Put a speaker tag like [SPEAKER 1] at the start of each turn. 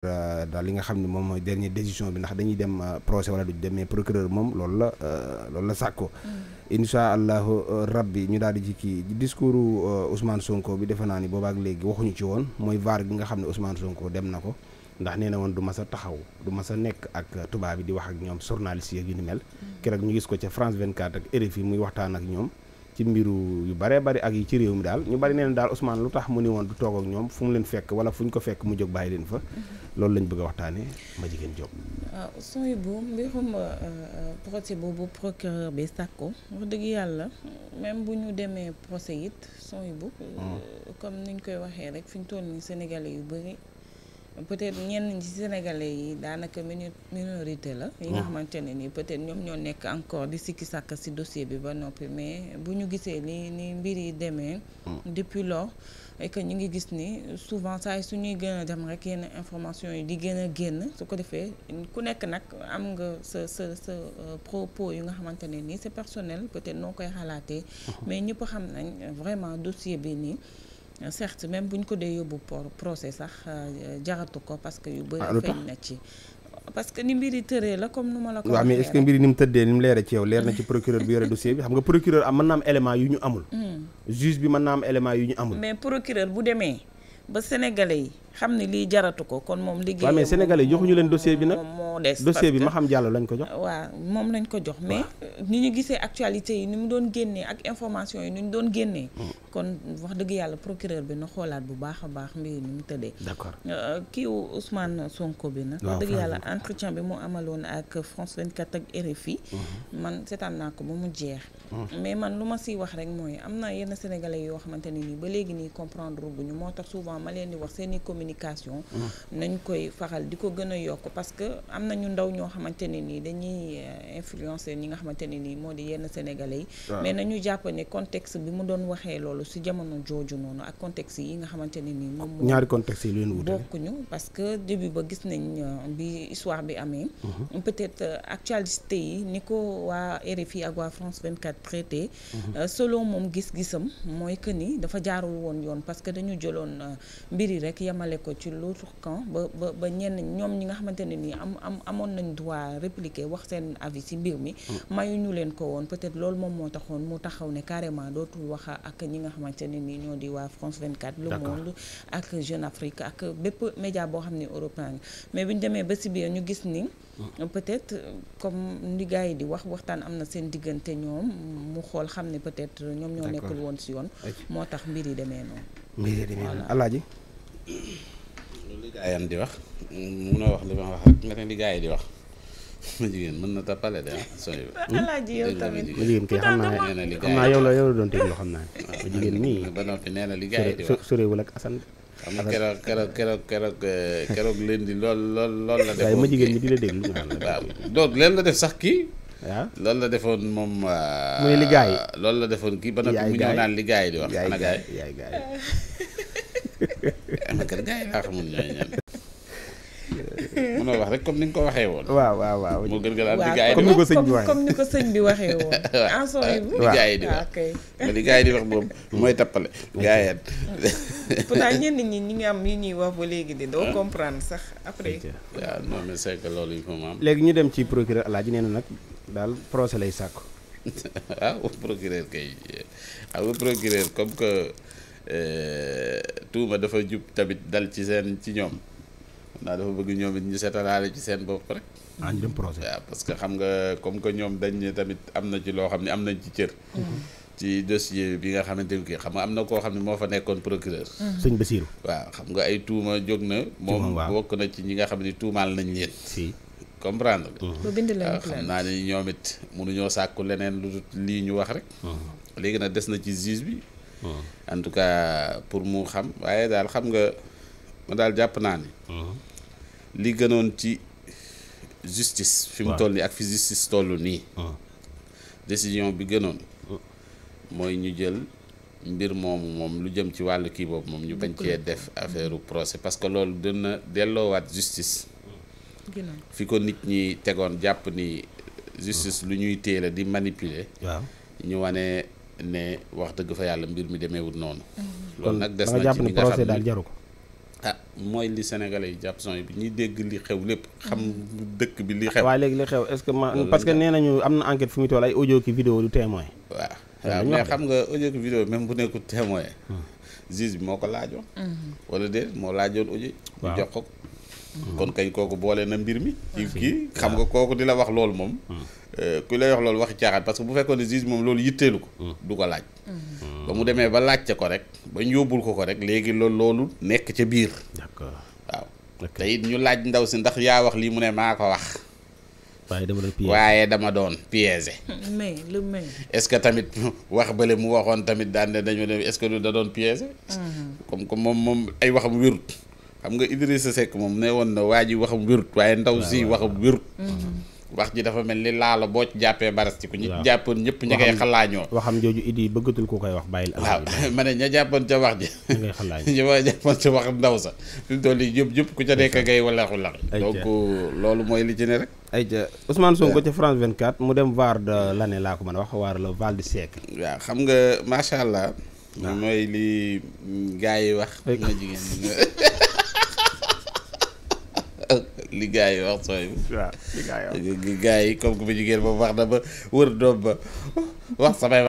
[SPEAKER 1] Euh, daal li nga xam ne moom mooy dernier décision bi ndax dañuy dem euh, procès wala du demee mais procureur moom loolu la euh, loolu la sàkko mm. incha allahu rabbi ñu daal di ci kii discours Ousmane Sonko bi defe naa ni boobaak léegi waxuñu ci woon mooy vaar bi nga xam ne Ousmane Sonko dem na ko ndax nee na woon du mas a taxaw du mas a nekk ak tubaab bi di wax ak ñoom journaliste yeeg yu ni mel mm. keroog ñu gis ko ca France 24 ak RFI muy waxtaan ak ñoom ci mbiru yu baree bari ak yi ci réew mi daal ñu bari neen daal Ousmane lu tax mu ni woon du toog ak ñoom fu mu leen fekk wala fu ñu ko fekk mu jóg bàyyi leen fa loolu lañ bëgg a waxtaane ma jigéen Diop
[SPEAKER 2] waaw euh, sooy bu mbirum euh, euh, procès boobu procureur bi sàkko wax dëgg yàlla même bu ñu demee procès it sooy bu hmm. comme niñ koy waxee rek fi ñu toll nii Sénégalais yu bëri peut-être ñenn ñi Sénégalais yi daanaka minorité la. yi nga mm. xamante ne nii peut-être ñoom ñoo nekk encore di sikki sàkk ci dossier bi ba noppi mais bu ñu gisee ni ni mbir yi demee. Mm. depuis lors et que ñu ngi gis ni souvent saa yi su ñuy gën a dem rek yenn information yi di gën a génn su ko defee ku nekk nag am nga sa sa sa euh, propos yu nga xamante ne nii c'est personnel peut-être noo koy xalaatee. Mm-hmm. mais ñëpp xam nañ vraiment dossier bi nii. certes même bu ñu ko dee yóbbu pour procès sax euh, jaratu ko parce que yu bëri ah, feeñ na ci parce que ni mbir yi tëree la comme nu ma la ko waaw mais est-ce que mbir
[SPEAKER 1] yi ni leer na ci procureur bi yore dossier bi xam nga amul hmm. juge bi mën naa am élément yu ñu amul mais
[SPEAKER 2] procureur bu demee ba sénégalais yi xam ne lii jaratu ko kon moom liggéey waaw
[SPEAKER 1] mais joxuñu leen dossier bi nag moo des dossier bi ma xam jàll lañ ko jox
[SPEAKER 2] waaw moom lañ ko jox mais ni ñu gisee actualité yi ni mu doon génnee ak information yi ni ñu doon génnee hmm. kon wax dëgg yàlla procureur bi na xoolaat bu baax a baax mbir mi mu tëddee. d'accord euh, kii Ousmane Sonko bi nag. wax dëgg yàlla entretien bi mu amaloon ak France 24 ak RFI. Mhm. man seetaan naa ko ba mu jeex. Mhm. mais man lu ma siy wax rek mooy am na yenn sénégalais yoo xamante ne nii ba léegi nii comprendre ñu moo tax souvent ma leen di wax seen i communication. Mhm. nañ koy faxal di ko gën a yokk parce que am na ñu ndaw ñoo xamante ne nii dañuy euh, influencer ñi nga xamante ne nii moo di yenn sénégalais yi. mais nañu bi mu doon waxee loolu. toll si jamono jooju noonu ak contexte yi nga xamante ni nii moom ñaari
[SPEAKER 1] contexte yi leen wutale
[SPEAKER 2] bokkuñu parce que début ba gis nañ euh, bi histoire bi amee mhm. peut-être euh, actualité yi ni ko waa RFI ak waa France 24 traité mhm. euh, solo moom gis-gisam mooy que ni dafa jaarul woon yoon parce que dañu jëloon mbir yi rek yemale ko ci l'autre camp ba ba ba ñenn ñoom ñi nga xamante ne nii am am amoon nañ droit répliquer wax seen avis ci mbir mi mhm. mayuñu leen ko woon peut lool loolu moom nga xamante ne ñoo di waa France 24. le monde ak Jeune Afrique ak bépp média boo xam ne européen mais bu ñu demee ba si biir ñu gis ni. Hmm. peut-être comme ni yi di wax waxtaan am na seen diggante ñoom mu xool xam ne peut-être ñoom ñoo nekkul woon si yoon. moo tax mbir yi demee noonu. mbir yi demee noonu Alaaji. loolu
[SPEAKER 3] li gars di wax munoo wax li ma wax rek nga ne li di wax. ma jigéen mën na tapale de ah, alaaji yow tamit ma jigéen kay xam naa xam
[SPEAKER 2] naa yow
[SPEAKER 1] la yow la doon teg loo xam naa
[SPEAKER 3] ma jigéen nii ba
[SPEAKER 1] noppi nee na li gars yi di wax sorewul ak Assane
[SPEAKER 3] xam nga keroog keroog keroog keroog eh, keroog di lool lool lool la def ma jigéen ñi di la déglu waaw donc leen la def sax kii waaw ah. loolu la defoon moom. Ah, muy li gars yi loolu la defoon kii ba nag mu ñëw naan li gars yi di wax. ana gars yi yaay yi. ana gars yi laa xamul ñooy ñan. mënoo wax rek comme ni nga ko waxee woon. waaw waaw waaw moo gën gën a am comme
[SPEAKER 2] ni ko sëñ bi waxee comme ni ko woon. en son bu li gars yi di wax li
[SPEAKER 3] ah, moom mooy tappale gars yi. pourtant ñi
[SPEAKER 2] ñi ngi am yu ñuy wax ba léegi de doo ah. comprendre sax après.
[SPEAKER 3] waaw non mais c'est que am.
[SPEAKER 1] léegi ñu dem ci procureur Alaaji ji na nag daal procès
[SPEAKER 3] lay sàkku. waaw ah, procureur kay xam nga procureur comme que euh, tuuma dafa jub tamit dal ci seen ci ñoom. naa dafa bëgg ñoom it ñu seetalaale ci seen bopp rek. ah ñu xam nga comme que ñoom dañ tamit am na ci loo xam mm-hmm. bi ni am na koo xam ne moo fa nekkoon procureur. Mm-hmm. sëñ Basiirou. waaw xam nga ay tuuma jóg na. moom bokk na ci ñi nga xam ne tuumaal nañ leen. comprendre nga. Mm-hmm. ba bind ah, la xam naa ne ñoom it mënuñoo sàkku leneen lu dul lii ñu wax rek. léegi nag des na ci juge bi. en tout cas pour mu xam waaye daal xam nga. ma daal jàpp naa ni mhm. li gënoon ci justice fi mu toll nii ak fi justice toll nii mhm. décision bi gënoon mhm. mooy ñu jël mbir moomu moom lu jëm ci wàll kii boobu moom ñu bañ cee def affaire procès parce que loolu dina delloowaat justice fi ko nit ñi tegoon jàpp ni justice lu ñuy téye di manipule waaw ñu wane ne wax dëgg fa yàlla mbir mi demee demeewul noonu loolu nag des na ci ñi nga xam ne ah mooy li sénégalais yi jàpp son bi ñuy dégg li xew lépp xam mm. dëkk bi li xew waaw léegi li xew est-ce ma nee
[SPEAKER 1] nañu am na enquête fu mu toll ay audio ki vidéo du témoin waaw waaw mais
[SPEAKER 3] xam nga audio ki vidéo bu nekkul témoin mm. juge bi moo ko laajoon mm-hmm. wala déet moo laajoon audio ñu kon kay kooku boole na mbir mi. Ah, xam nga kooku di la wax loolu moom. Hmm. Eh, ku lay wax loolu waxi caaxaan parce que bu fekkoon ne juge moom loolu yitteelu ko. Hmm. du ko laaj. Hmm. ba mu demee ba laajte ko rek ba ñu ko ko rek léegi loolu loolu nekk ca biir. d'accord waaw. te ñu laaj ndaw si ndax yaa wax lii mu ne maa ko wax. waaye dama doon piégé waaye dama doon piégé. ce que tamit wax bële mu waxoon tamit daan ne dañu ne est-ce que da doon piégé. comme comme moom moom ay waxam wérut. xam nga sa Seck moom ne woon na waa ji waxam wérut waaye ndaw si waxam wérut mm-hmm. wax ji dafa mel ni laalo boo jàppee mbaras ci ñi jàppoon ñëpp ña ngay xalaañoo
[SPEAKER 1] waxam jooju idi bëggatul ku koy wax bàyyil waaw
[SPEAKER 3] ma ne ña jàppoon ca wax ji ñi ma jàppoon ca wax ndaw sa fi mu toll yi jëpp jëpp ku ca nekk ngay walaxu lax donc loolu mooy li ci ne rek ay ca Ousmane Sonko
[SPEAKER 1] ca France 24 mu dem vaar de l'année laa ko mën a wax waar le val du siècle
[SPEAKER 3] waa xam nga macha allah mooy li gars yi wax ma jigéen li gars yi wax sooy. waaw li gars yi wax. gars yi comme que bu wax na ba wër doom ba wax samay.